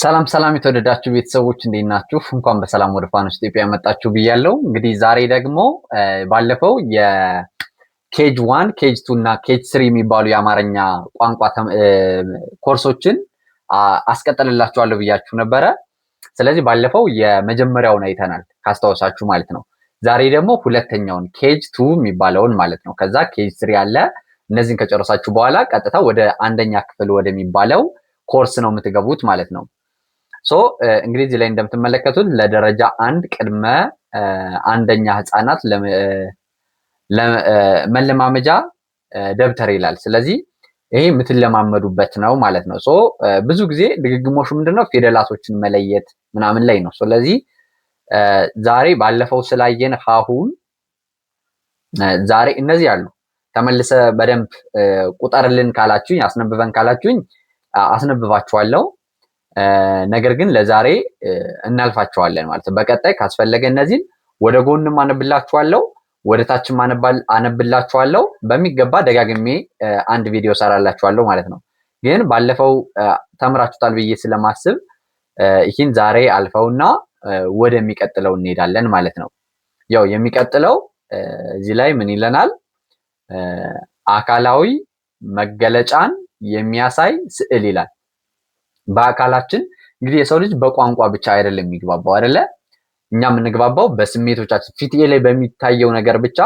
ሰላም ሰላም የተወደዳችሁ ቤተሰቦች እንዴት ናችሁ? እንኳን በሰላም ወደ ፋኖስ ኢትዮጵያ መጣችሁ ብያለሁ። እንግዲህ ዛሬ ደግሞ ባለፈው የኬጅ ዋን ኬጅ ቱ እና ኬጅ ስሪ የሚባሉ የአማርኛ ቋንቋ ኮርሶችን አስቀጠልላችኋለሁ ብያችሁ ነበረ። ስለዚህ ባለፈው የመጀመሪያውን አይተናል ካስታወሳችሁ ማለት ነው። ዛሬ ደግሞ ሁለተኛውን ኬጅ ቱ የሚባለውን ማለት ነው። ከዛ ኬጅ ስሪ አለ። እነዚህን ከጨረሳችሁ በኋላ ቀጥታ ወደ አንደኛ ክፍል ወደሚባለው ኮርስ ነው የምትገቡት ማለት ነው። ሶ እንግዲህ እዚህ ላይ እንደምትመለከቱት ለደረጃ አንድ ቅድመ አንደኛ ህፃናት መለማመጃ ደብተር ይላል። ስለዚህ ይሄ የምትለማመዱበት ነው ማለት ነው። ሶ ብዙ ጊዜ ድግግሞሹ ምንድነው ፊደላቶችን መለየት ምናምን ላይ ነው። ስለዚህ ዛሬ ባለፈው ስላየን ሀሁን ዛሬ እነዚህ አሉ ተመልሰ በደንብ ቁጠርልን ካላችሁኝ አስነብበን ካላችሁኝ አስነብባችኋለሁ። ነገር ግን ለዛሬ እናልፋቸዋለን ማለት ነው። በቀጣይ ካስፈለገ እነዚህን ወደ ጎንም አነብላችኋለሁ፣ ወደ ታችም አነብላችኋለሁ። በሚገባ ደጋግሜ አንድ ቪዲዮ ሰራላችኋለሁ ማለት ነው። ግን ባለፈው ተምራችሁታል ብዬ ስለማስብ ይህን ዛሬ አልፈውና ወደሚቀጥለው እንሄዳለን ማለት ነው። ያው የሚቀጥለው እዚህ ላይ ምን ይለናል? አካላዊ መገለጫን የሚያሳይ ስዕል ይላል። በአካላችን እንግዲህ የሰው ልጅ በቋንቋ ብቻ አይደለም የሚግባባው አይደለ? እኛ የምንግባባው በስሜቶቻችን ፊቴ ላይ በሚታየው ነገር ብቻ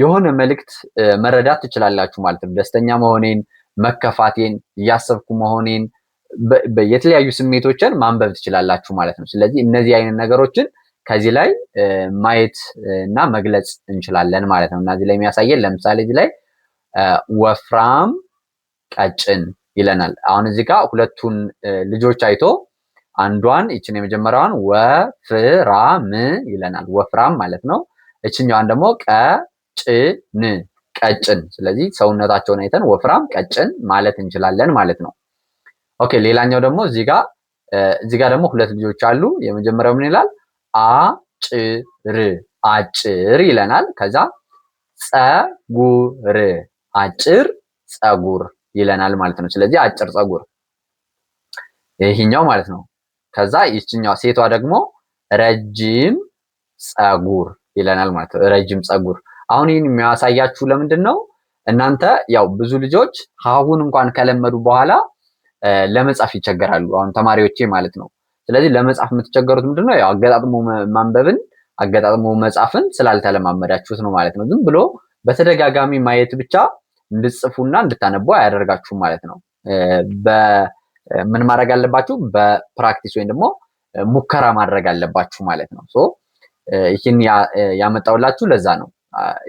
የሆነ መልእክት መረዳት ትችላላችሁ ማለት ነው። ደስተኛ መሆኔን፣ መከፋቴን፣ እያሰብኩ መሆኔን የተለያዩ ስሜቶችን ማንበብ ትችላላችሁ ማለት ነው። ስለዚህ እነዚህ አይነት ነገሮችን ከዚህ ላይ ማየት እና መግለጽ እንችላለን ማለት ነው እና እዚህ ላይ የሚያሳየን ለምሳሌ እዚህ ላይ ወፍራም፣ ቀጭን ይለናል። አሁን እዚህ ጋር ሁለቱን ልጆች አይቶ አንዷን ይችን የመጀመሪያዋን ወፍራም ይለናል። ወፍራም ማለት ነው። እችኛዋን ደግሞ ቀጭን ቀጭን። ስለዚህ ሰውነታቸውን አይተን ወፍራም፣ ቀጭን ማለት እንችላለን ማለት ነው። ኦኬ ሌላኛው ደግሞ እዚህ ጋር እዚህ ጋር ደግሞ ሁለት ልጆች አሉ። የመጀመሪያው ምን ይላል? አጭር አጭር ይለናል። ከዛ ጸጉር አጭር ጸጉር ይለናል ማለት ነው። ስለዚህ አጭር ፀጉር ይሄኛው ማለት ነው። ከዛ ይችኛዋ ሴቷ ደግሞ ረጅም ፀጉር ይለናል ማለት ነው። ረጅም ፀጉር አሁን ይህን የሚያሳያችሁ ለምንድን ነው? እናንተ ያው ብዙ ልጆች ሀሁን እንኳን ከለመዱ በኋላ ለመጻፍ ይቸገራሉ። አሁን ተማሪዎቼ ማለት ነው። ስለዚህ ለመጻፍ የምትቸገሩት ምንድን ነው? ያው አገጣጥሞ ማንበብን አገጣጥሞ መጻፍን ስላልተለማመዳችሁት ነው ማለት ነው። ዝም ብሎ በተደጋጋሚ ማየት ብቻ እንድትጽፉና እንድታነቡ አያደርጋችሁም ማለት ነው። ምን ማድረግ አለባችሁ? በፕራክቲስ ወይም ደግሞ ሙከራ ማድረግ አለባችሁ ማለት ነው። ይህን ያመጣውላችሁ ለዛ ነው።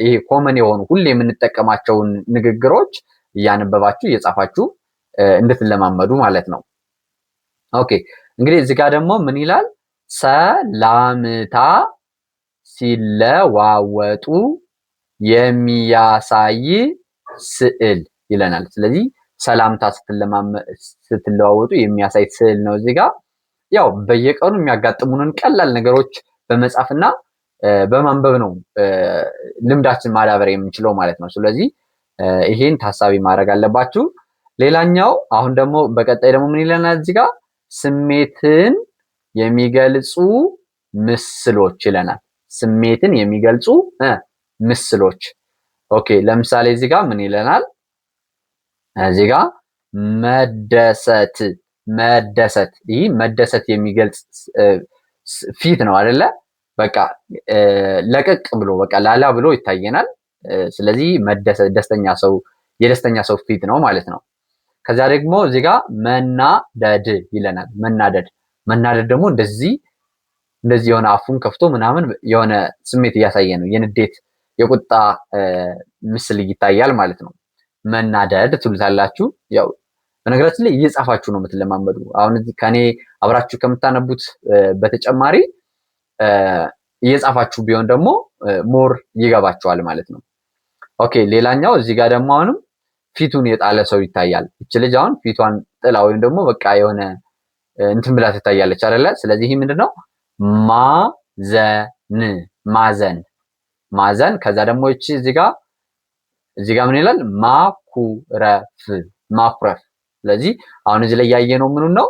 ይሄ ኮመን የሆኑ ሁሌ የምንጠቀማቸውን ንግግሮች እያነበባችሁ እየጻፋችሁ እንድትለማመዱ ማለት ነው። ኦኬ እንግዲህ እዚህ ጋር ደግሞ ምን ይላል? ሰላምታ ሲለዋወጡ የሚያሳይ ስዕል ይለናል። ስለዚህ ሰላምታ ስትለዋወጡ የሚያሳይ ስዕል ነው። እዚህ ጋር ያው በየቀኑ የሚያጋጥሙንን ቀላል ነገሮች በመጻፍና በማንበብ ነው ልምዳችን ማዳበር የምንችለው ማለት ነው። ስለዚህ ይሄን ታሳቢ ማድረግ አለባችሁ። ሌላኛው አሁን ደግሞ በቀጣይ ደግሞ ምን ይለናል እዚህ ጋር ስሜትን የሚገልጹ ምስሎች ይለናል። ስሜትን የሚገልጹ ምስሎች ኦኬ ለምሳሌ እዚህ ጋር ምን ይለናል? እዚህ ጋር መደሰት መደሰት ይህ መደሰት የሚገልጽ ፊት ነው አይደለ? በቃ ለቀቅ ብሎ በቃ ላላ ብሎ ይታየናል። ስለዚህ መደሰት ደስተኛ ሰው የደስተኛ ሰው ፊት ነው ማለት ነው። ከዛ ደግሞ እዚህ ጋር መናደድ ይለናል። መናደድ መናደድ ደግሞ እንደዚህ እንደዚህ የሆነ አፉን ከፍቶ ምናምን የሆነ ስሜት እያሳየ ነው የንዴት የቁጣ ምስል ይታያል ማለት ነው። መናደድ ትሉታላችሁ። ያው በነገራችን ላይ እየጻፋችሁ ነው የምትለማመዱ። አሁን ከኔ አብራችሁ ከምታነቡት በተጨማሪ እየጻፋችሁ ቢሆን ደግሞ ሞር ይገባችኋል ማለት ነው። ኦኬ ሌላኛው እዚህ ጋር ደግሞ አሁንም ፊቱን የጣለ ሰው ይታያል። እች ልጅ አሁን ፊቷን ጥላ ወይም ደግሞ በቃ የሆነ እንትን ብላ ትታያለች አይደለ? ስለዚህ ምንድነው ማዘን ማዘን ማዘን። ከዛ ደግሞ እቺ እዚህ ጋር እዚህ ጋር ምን ይላል? ማኩረፍ ማኩረፍ። ስለዚህ አሁን እዚህ ላይ ያየነው ምኑን ነው?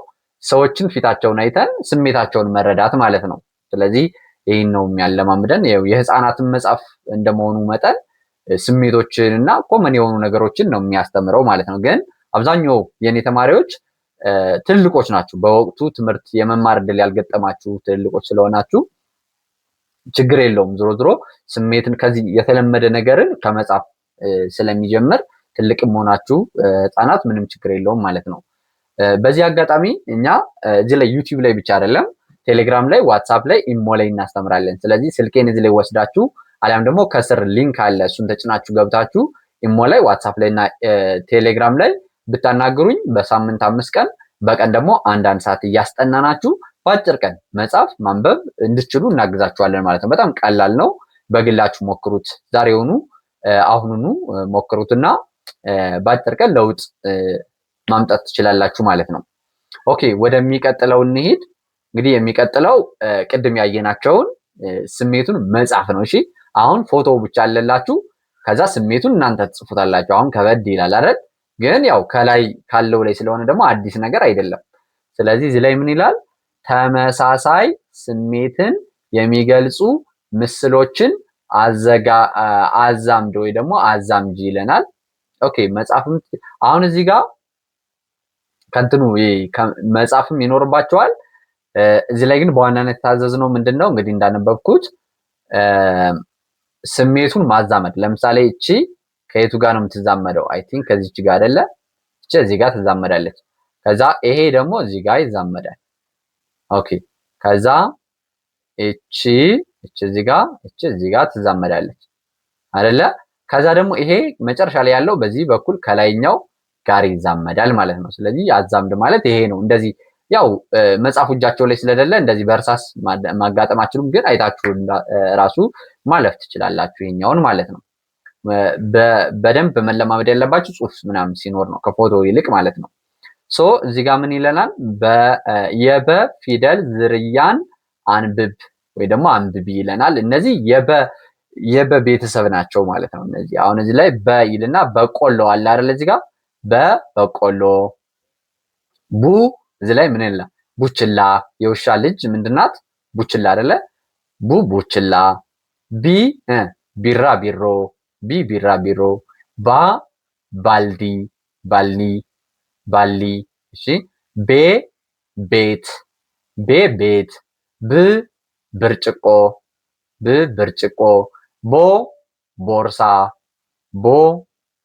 ሰዎችን ፊታቸውን አይተን ስሜታቸውን መረዳት ማለት ነው። ስለዚህ ይህን ነው የሚያለማምደን። የህፃናትን መጽሐፍ እንደመሆኑ መጠን ስሜቶችንና ኮመን የሆኑ ነገሮችን ነው የሚያስተምረው ማለት ነው። ግን አብዛኛው የእኔ ተማሪዎች ትልልቆች ናችሁ። በወቅቱ ትምህርት የመማር እድል ያልገጠማችሁ ትልልቆች ስለሆናችሁ ችግር የለውም። ዝሮ ዝሮ ስሜትን ከዚህ የተለመደ ነገርን ከመጻፍ ስለሚጀምር ትልቅም መሆናችሁ ህጻናት ምንም ችግር የለውም ማለት ነው። በዚህ አጋጣሚ እኛ እዚህ ላይ ዩቲዩብ ላይ ብቻ አይደለም ቴሌግራም ላይ፣ ዋትሳፕ ላይ፣ ኢሞ ላይ እናስተምራለን። ስለዚህ ስልኬን እዚህ ላይ ወስዳችሁ አሊያም ደግሞ ከስር ሊንክ አለ እሱን ተጭናችሁ ገብታችሁ ኢሞ ላይ፣ ዋትሳፕ ላይ እና ቴሌግራም ላይ ብታናግሩኝ በሳምንት አምስት ቀን በቀን ደግሞ አንዳንድ ሰዓት እያስጠናናችሁ በአጭር ቀን መጻፍ ማንበብ እንድትችሉ እናግዛችኋለን ማለት ነው። በጣም ቀላል ነው። በግላችሁ ሞክሩት። ዛሬውኑ አሁኑኑ ሞክሩትና በአጭር ቀን ለውጥ ማምጣት ትችላላችሁ ማለት ነው። ኦኬ ወደሚቀጥለው እንሂድ። እንግዲህ የሚቀጥለው ቅድም ያየናቸውን ስሜቱን መጻፍ ነው። እሺ አሁን ፎቶ ብቻ አለላችሁ። ከዛ ስሜቱን እናንተ ትጽፉታላችሁ። አሁን ከበድ ይላል አይደል? ግን ያው ከላይ ካለው ላይ ስለሆነ ደግሞ አዲስ ነገር አይደለም። ስለዚህ እዚህ ላይ ምን ይላል? ተመሳሳይ ስሜትን የሚገልጹ ምስሎችን አዛምድ ወይ ደግሞ አዛምጅ ይለናል። ኦኬ መጻፍም አሁን እዚህ ጋር ከእንትኑ መጻፍም ይኖርባቸዋል። እዚህ ላይ ግን በዋናነት ነው ምንድን ነው እንግዲህ እንዳነበብኩት ስሜቱን ማዛመድ። ለምሳሌ እቺ ከየቱ ጋር ነው የምትዛመደው? አይ ቲንክ ከዚች ጋር አይደለ? እቺ እዚህ ጋር ትዛመዳለች። ከዛ ይሄ ደግሞ እዚህ ጋር ይዛመዳል። ኦኬ ከዛ እቺ እቺ እዚህ ጋር እቺ እዚህ ጋር ትዛመዳለች አይደለ? ከዛ ደግሞ ይሄ መጨረሻ ላይ ያለው በዚህ በኩል ከላይኛው ጋር ይዛመዳል ማለት ነው። ስለዚህ አዛምድ ማለት ይሄ ነው። እንደዚህ ያው መጽሐፉ እጃቸው ላይ ስለሌለ እንደዚህ በእርሳስ ማጋጠም ማጋጠማችሁም ግን አይታችሁ ራሱ ማለፍ ትችላላችሁ ይሄኛውን ማለት ነው። በደንብ መለማመድ ያለባችሁ ጽሁፍ ምናምን ሲኖር ነው ከፎቶ ይልቅ ማለት ነው። ሶ እዚህ ጋር ምን ይለናል? የበ ፊደል ዝርያን አንብብ ወይ ደግሞ አንብቢ ይለናል። እነዚህ የበ የበ ቤተሰብ ናቸው ማለት ነው። እነዚህ አሁን እዚህ ላይ በ ይልና በቆሎ አለ አይደል? እዚህ ጋር በ በቆሎ። ቡ እዚህ ላይ ምን ይላል? ቡችላ። የውሻ ልጅ ምንድናት? ቡችላ አይደለ? ቡ ቡችላ። ቢ ቢራ ቢ ቢራቢሮ ቢሮ። ባ ባልዲ ባልዲ ባሊ እሺ ቤ ቤት ቤ ቤት ብ ብርጭቆ ብ ብርጭቆ ቦ ቦርሳ ቦ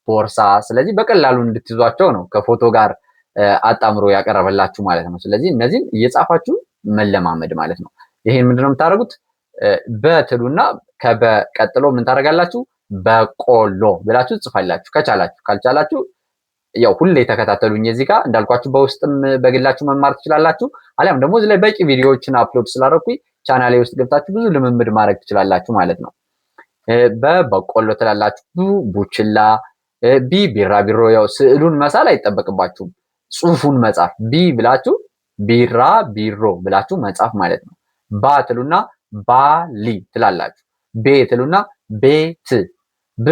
ቦርሳ ስለዚህ በቀላሉ እንድትይዟቸው ነው ከፎቶ ጋር አጣምሮ ያቀረበላችሁ ማለት ነው። ስለዚህ እነዚህን እየጻፋችሁ መለማመድ ማለት ነው። ይሄን ምንድነው የምታደርጉት? በትሉና ከበቀጥሎ ምን ታደርጋላችሁ? በቆሎ ብላችሁ ጽፋላችሁ ከቻላችሁ፣ ካልቻላችሁ ያው ሁሌ ተከታተሉኝ። እዚህ ጋር እንዳልኳችሁ በውስጥም በግላችሁ መማር ትችላላችሁ። አሊያም ደግሞ እዚህ ላይ በቂ ቪዲዮዎችን አፕሎድ ስላደረኩኝ ቻናሌ ውስጥ ገብታችሁ ብዙ ልምምድ ማድረግ ትችላላችሁ ማለት ነው። በበቆሎ ትላላችሁ፣ ቡችላ፣ ቢ ቢራቢሮ። ያው ስዕሉን መሳል አይጠበቅባችሁም፣ ጽሁፉን መጻፍ ቢ ብላችሁ ቢራ ቢሮ ብላችሁ መጻፍ ማለት ነው። ባ ትሉና ባሊ ትላላችሁ። ቤ ትሉና ቤት፣ ብ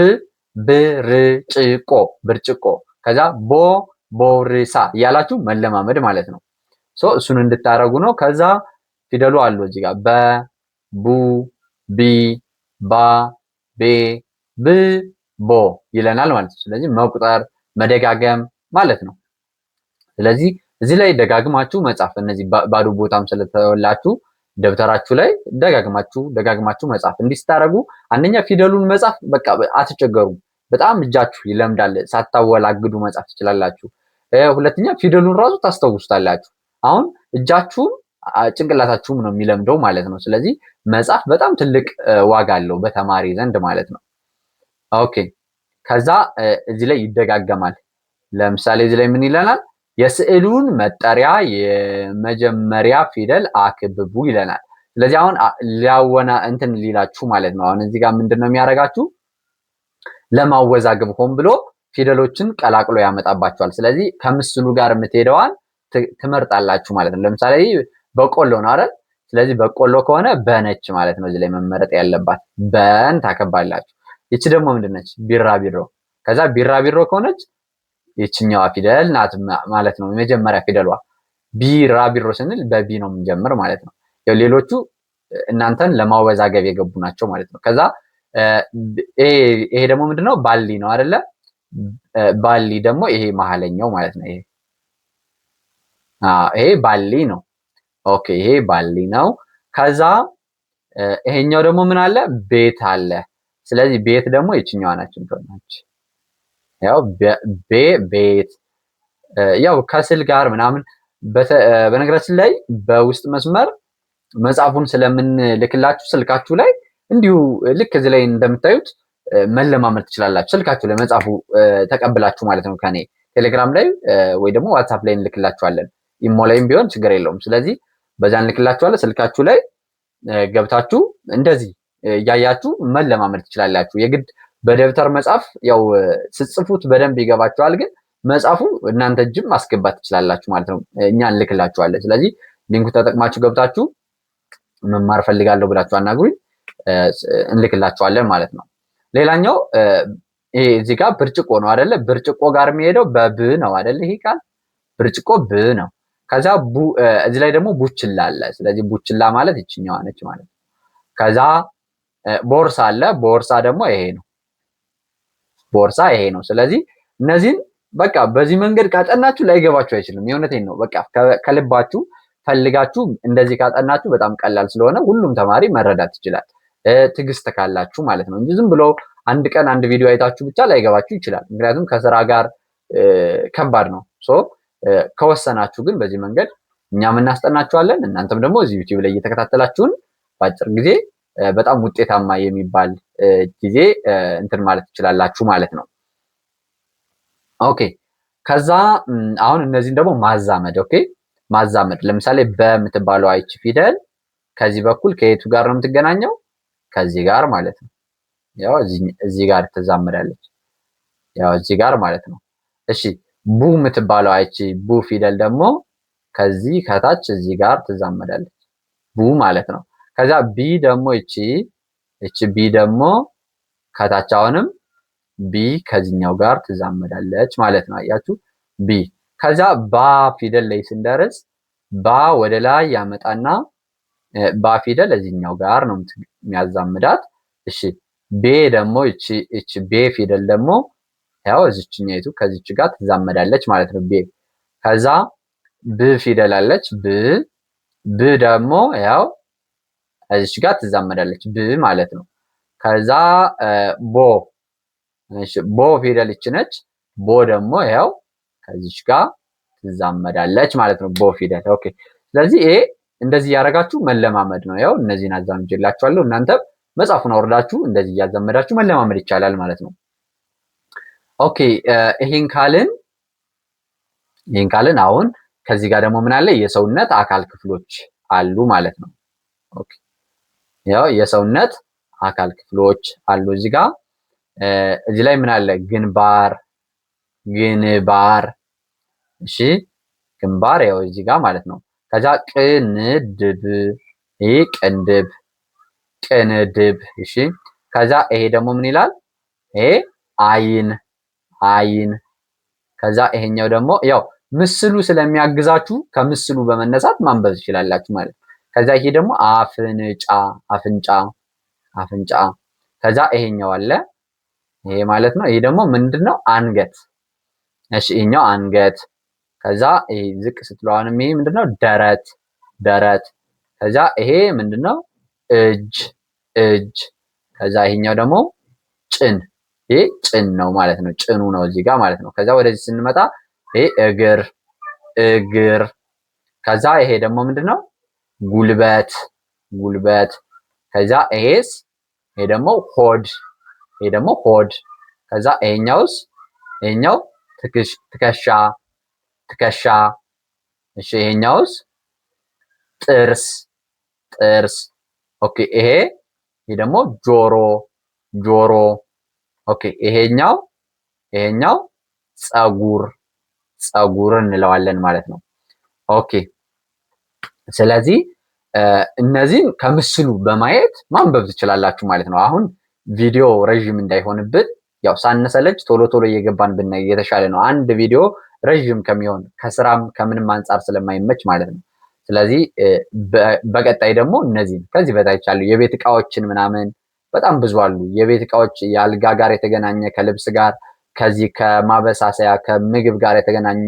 ብርጭቆ ብርጭቆ ከዛ ቦ ቦሬሳ እያላችሁ መለማመድ ማለት ነው። ሶ እሱን እንድታረጉ ነው። ከዛ ፊደሉ አሉ እዚህ ጋር በ ቡ ቢ ባ ቤ ብ ቦ ይለናል ማለት ነው። ስለዚህ መቁጠር መደጋገም ማለት ነው። ስለዚህ እዚህ ላይ ደጋግማችሁ መጻፍ እነዚህ ባዶ ቦታም ስለተወላችሁ ደብተራችሁ ላይ ደጋግማችሁ ደጋግማችሁ መጻፍ እንዲህ ስታደርጉ አንደኛ ፊደሉን መጻፍ በቃ አትቸገሩም። በጣም እጃችሁ ይለምዳል። ሳታወላግዱ መጻፍ ትችላላችሁ። ሁለተኛ ፊደሉን ራሱ ታስተውስታላችሁ አሁን እጃችሁም ጭንቅላታችሁም ነው የሚለምደው ማለት ነው። ስለዚህ መጻፍ በጣም ትልቅ ዋጋ አለው በተማሪ ዘንድ ማለት ነው። ኦኬ ከዛ እዚህ ላይ ይደጋገማል። ለምሳሌ እዚህ ላይ ምን ይለናል? የስዕሉን መጠሪያ የመጀመሪያ ፊደል አክብቡ ይለናል። ስለዚህ አሁን ሊያወና እንትን ሊላችሁ ማለት ነው። አሁን እዚህ ጋር ምንድን ነው የሚያደርጋችሁ ለማወዛገብ ሆን ብሎ ፊደሎችን ቀላቅሎ ያመጣባቸዋል። ስለዚህ ከምስሉ ጋር የምትሄደዋን ትመርጣላችሁ ማለት ነው። ለምሳሌ በቆሎ ነው አይደል? ስለዚህ በቆሎ ከሆነ በነች ማለት ነው። እዚህ ላይ መመረጥ ያለባት በን ታከባላችሁ። ይቺ ደግሞ ምንድነች? ቢራቢሮ። ከዛ ቢራቢሮ ከሆነች የችኛዋ ፊደል ናት ማለት ነው። የመጀመሪያ ፊደሏ ቢራቢሮ ስንል በቢ ነው የምንጀምር ማለት ነው። ሌሎቹ እናንተን ለማወዛገብ የገቡ ናቸው ማለት ነው። ከዛ ይሄ ደግሞ ምንድነው? ባሊ ነው አይደለ? ባሊ ደግሞ ይሄ መሀለኛው ማለት ነው። ይሄ ይሄ ባሊ ነው። ኦኬ ይሄ ባሊ ነው። ከዛ ይሄኛው ደግሞ ምን አለ? ቤት አለ። ስለዚህ ቤት ደግሞ የችኛዋ ናችን ናች ያው ቤ ቤት ያው ከስል ጋር ምናምን በነገራችን ላይ በውስጥ መስመር መጽሐፉን ስለምንልክላችሁ ስልካችሁ ላይ እንዲሁ ልክ እዚህ ላይ እንደምታዩት መለማመድ ትችላላችሁ። ስልካችሁ ላይ መጻፉ ተቀብላችሁ ማለት ነው። ከኔ ቴሌግራም ላይ ወይ ደግሞ ዋትሳፕ ላይ እንልክላችኋለን። ኢሞ ላይም ቢሆን ችግር የለውም። ስለዚህ በዛ እንልክላችኋለን። ስልካችሁ ላይ ገብታችሁ እንደዚህ እያያችሁ መለማመድ ትችላላችሁ። የግድ በደብተር መጻፍ ያው ስጽፉት በደንብ ይገባችኋል፣ ግን መጻፉ እናንተ እጅም ማስገባት ትችላላችሁ ማለት ነው። እኛ እንልክላችኋለን። ስለዚህ ሊንኩ ተጠቅማችሁ ገብታችሁ መማር ፈልጋለሁ ብላችሁ አናግሩኝ። እንልክላቸዋለን ማለት ነው። ሌላኛው ይሄ እዚህ ጋር ብርጭቆ ነው አደለ? ብርጭቆ ጋር የሚሄደው በብ ነው አደለ? ይሄ ቃል ብርጭቆ ብ ነው። ከዛ እዚህ ላይ ደግሞ ቡችላ አለ። ስለዚህ ቡችላ ማለት ይችኛዋ ነች ማለት ነው። ከዛ ቦርሳ አለ። ቦርሳ ደግሞ ይሄ ነው። ቦርሳ ይሄ ነው። ስለዚህ እነዚህን በቃ በዚህ መንገድ ካጠናችሁ ላይገባችሁ አይችልም። የእውነቴን ነው። በቃ ከልባችሁ ፈልጋችሁ እንደዚህ ካጠናችሁ በጣም ቀላል ስለሆነ ሁሉም ተማሪ መረዳት ይችላል። ትግስት ካላችሁ ማለት ነው እንጂ ዝም ብሎ አንድ ቀን አንድ ቪዲዮ አይታችሁ ብቻ ላይገባችሁ ይችላል። ምክንያቱም ከስራ ጋር ከባድ ነው። ሶ ከወሰናችሁ ግን በዚህ መንገድ እኛም እናስጠናችኋለን። እናንተም ደግሞ እዚህ ዩቲዩብ ላይ እየተከታተላችሁን በአጭር ጊዜ በጣም ውጤታማ የሚባል ጊዜ እንትን ማለት ትችላላችሁ ማለት ነው። ኦኬ ከዛ አሁን እነዚህን ደግሞ ማዛመድ ኦኬ ማዛመድ ለምሳሌ በምትባለው አይች ፊደል ከዚህ በኩል ከየቱ ጋር ነው የምትገናኘው? ከዚህ ጋር ማለት ነው። ያው እዚህ ጋር ትዛምዳለች። ያው እዚህ ጋር ማለት ነው። እሺ ቡ የምትባለው አይቺ ቡ ፊደል ደግሞ ከዚህ ከታች እዚህ ጋር ትዛመዳለች ቡ ማለት ነው። ከዛ ቢ ደግሞ እቺ እቺ ቢ ደግሞ ከታች አሁንም ቢ ከዚህኛው ጋር ትዛመዳለች ማለት ነው። አያችሁ ቢ። ከዛ ባ ፊደል ላይ ስንደርስ ባ ወደ ላይ ያመጣና ባፊደል እዚህኛው ጋር ነው የሚያዛምዳት። እሺ ቤ ደግሞ እቺ ቤ ፊደል ደግሞ ያው እዚችኛይቱ ከዚች ጋር ትዛመዳለች ማለት ነው። ቤ ከዛ ብ ፊደል አለች። ብ ብ ደግሞ ያው እዚች ጋር ትዛመዳለች ብ ማለት ነው። ከዛ ቦ እሺ ቦ ፊደል እቺ ነች። ቦ ደግሞ ያው ከዚች ጋር ትዛመዳለች ማለት ነው። ቦ ፊደል ኦኬ። ስለዚህ ይሄ እንደዚህ እያደረጋችሁ መለማመድ ነው። ያው እነዚህን አዛምጄላችኋለሁ። እናንተም መጽሐፉን አውርዳችሁ እንደዚህ እያዛመዳችሁ መለማመድ ይቻላል ማለት ነው። ኦኬ ይሄን ካልን ይሄን ካልን አሁን ከዚህ ጋር ደግሞ ምን አለ? የሰውነት አካል ክፍሎች አሉ ማለት ነው። ኦኬ ያው የሰውነት አካል ክፍሎች አሉ እዚህ ጋር እዚህ ላይ ምን አለ? ግንባር ግንባር እሺ ግንባር ያው እዚህ ጋር ማለት ነው። ከዛ ቅንድብ ይሄ ቅንድብ ቅንድብ። እሺ ከዛ ይሄ ደግሞ ምን ይላል? ይሄ አይን አይን። ከዛ ይሄኛው ደግሞ ያው ምስሉ ስለሚያግዛችሁ ከምስሉ በመነሳት ማንበብ ትችላላችሁ ማለት ነው። ከዛ ይሄ ደግሞ አፍንጫ አፍንጫ አፍንጫ። ከዛ ይሄኛው አለ ይሄ ማለት ነው። ይሄ ደግሞ ምንድን ነው? አንገት። እሺ ይሄኛው አንገት ከዛ ይሄ ዝቅ ስትለው አሁንም ይሄ ምንድነው ደረት ደረት ከዛ ይሄ ምንድነው እጅ እጅ ከዛ ይሄኛው ደግሞ ጭን ይሄ ጭን ነው ማለት ነው። ጭኑ ነው እዚህ ጋር ማለት ነው። ከዛ ወደዚህ ስንመጣ ይሄ እግር እግር ከዛ ይሄ ደግሞ ምንድነው ጉልበት ጉልበት ከዛ ይሄስ ይሄ ደግሞ ሆድ ይሄ ደግሞ ሆድ ከዛ ይሄኛውስ ይሄኛው ትከሻ ትከሻ። እሺ ይሄኛውስ ጥርስ ጥርስ። ኦኬ ይሄ ይሄ ደግሞ ጆሮ ጆሮ። ኦኬ ይሄኛው ይሄኛው ጸጉር ጸጉር እንለዋለን ማለት ነው። ኦኬ ስለዚህ እነዚህን ከምስሉ በማየት ማንበብ ትችላላችሁ ማለት ነው። አሁን ቪዲዮ ረዥም እንዳይሆንብን ያው ሳነሰለች ቶሎ ቶሎ እየገባን ብናይ የተሻለ ነው። አንድ ቪዲዮ ረዥም ከሚሆን ከስራም ከምንም አንጻር ስለማይመች ማለት ነው። ስለዚህ በቀጣይ ደግሞ እነዚህ ከዚህ በታች ያሉ የቤት እቃዎችን ምናምን በጣም ብዙ አሉ። የቤት እቃዎች የአልጋ ጋር የተገናኘ ከልብስ ጋር ከዚህ ከማበሳሰያ ከምግብ ጋር የተገናኙ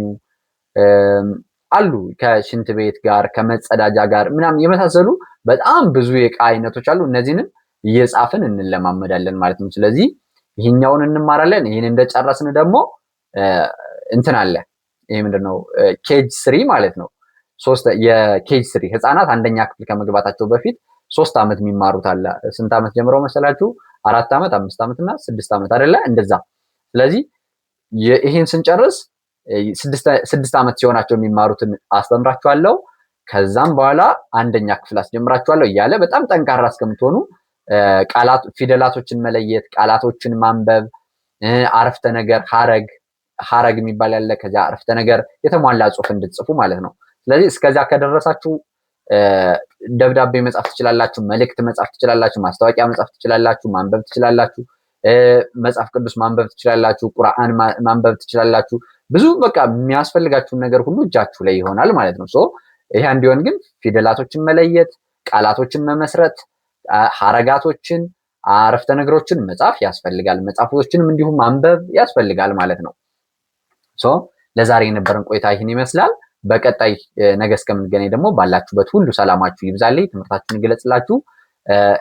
አሉ። ከሽንት ቤት ጋር ከመጸዳጃ ጋር ምናምን የመሳሰሉ በጣም ብዙ የእቃ አይነቶች አሉ። እነዚህንም እየጻፍን እንለማመዳለን ማለት ነው። ስለዚህ ይህኛውን እንማራለን። ይህን እንደጨረስን ደግሞ እንትን አለ። ይሄ ምንድነው? ኬጅ ስሪ ማለት ነው። ሶስት የኬጅ ስሪ ህፃናት አንደኛ ክፍል ከመግባታቸው በፊት ሶስት ዓመት የሚማሩት አለ። ስንት ዓመት ጀምረው መሰላችሁ? አራት ዓመት፣ አምስት ዓመት እና ስድስት ዓመት አይደለ? እንደዛ። ስለዚህ ይሄን ስንጨርስ ስድስት ዓመት ሲሆናቸው የሚማሩትን አስተምራችኋለሁ። ከዛም በኋላ አንደኛ ክፍል አስጀምራችኋለሁ እያለ በጣም ጠንካራ እስከምትሆኑ ቃላት ፊደላቶችን መለየት፣ ቃላቶችን ማንበብ፣ አረፍተ ነገር፣ ሀረግ ሀረግ የሚባል ያለ ከዛ አረፍተ ነገር የተሟላ ጽሁፍ እንድትጽፉ ማለት ነው። ስለዚህ እስከዛ ከደረሳችሁ ደብዳቤ መጻፍ ትችላላችሁ፣ መልእክት መጻፍ ትችላላችሁ፣ ማስታወቂያ መጻፍ ትችላላችሁ፣ ማንበብ ትችላላችሁ፣ መጽሐፍ ቅዱስ ማንበብ ትችላላችሁ፣ ቁርአን ማንበብ ትችላላችሁ። ብዙ በቃ የሚያስፈልጋችሁን ነገር ሁሉ እጃችሁ ላይ ይሆናል ማለት ነው። ሶ ይህ እንዲሆን ግን ፊደላቶችን መለየት፣ ቃላቶችን መመስረት፣ ሀረጋቶችን፣ አረፍተ ነገሮችን መጻፍ ያስፈልጋል። መጽሐፎችንም እንዲሁም ማንበብ ያስፈልጋል ማለት ነው። ለዛሬ የነበረን ቆይታ ይህን ይመስላል። በቀጣይ ነገ እስከምንገናኝ ደግሞ ባላችሁበት ሁሉ ሰላማችሁ ይብዛልኝ፣ ትምህርታችሁን ይገለጽላችሁ።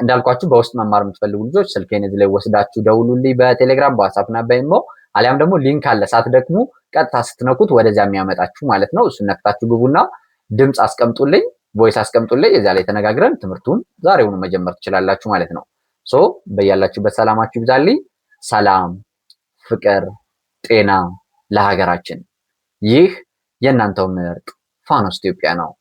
እንዳልኳችሁ በውስጥ መማር የምትፈልጉ ልጆች ስልኬን እዚህ ላይ ወስዳችሁ ደውሉልኝ፣ በቴሌግራም በዋትሳፕና በኢሞ አሊያም ደግሞ ሊንክ አለ። ሳትደክሙ ቀጥታ ስትነኩት ወደዚያ የሚያመጣችሁ ማለት ነው። እሱን ነክታችሁ ግቡና ድምፅ አስቀምጡልኝ፣ ቮይስ አስቀምጡልኝ። እዚያ ላይ ተነጋግረን ትምህርቱን ዛሬውኑ መጀመር ትችላላችሁ ማለት ነው። ሶ በያላችሁበት ሰላማችሁ ይብዛልኝ። ሰላም፣ ፍቅር፣ ጤና ለሀገራችን። ይህ የእናንተው ምርጥ ፋኖስ ኢትዮጵያ ነው።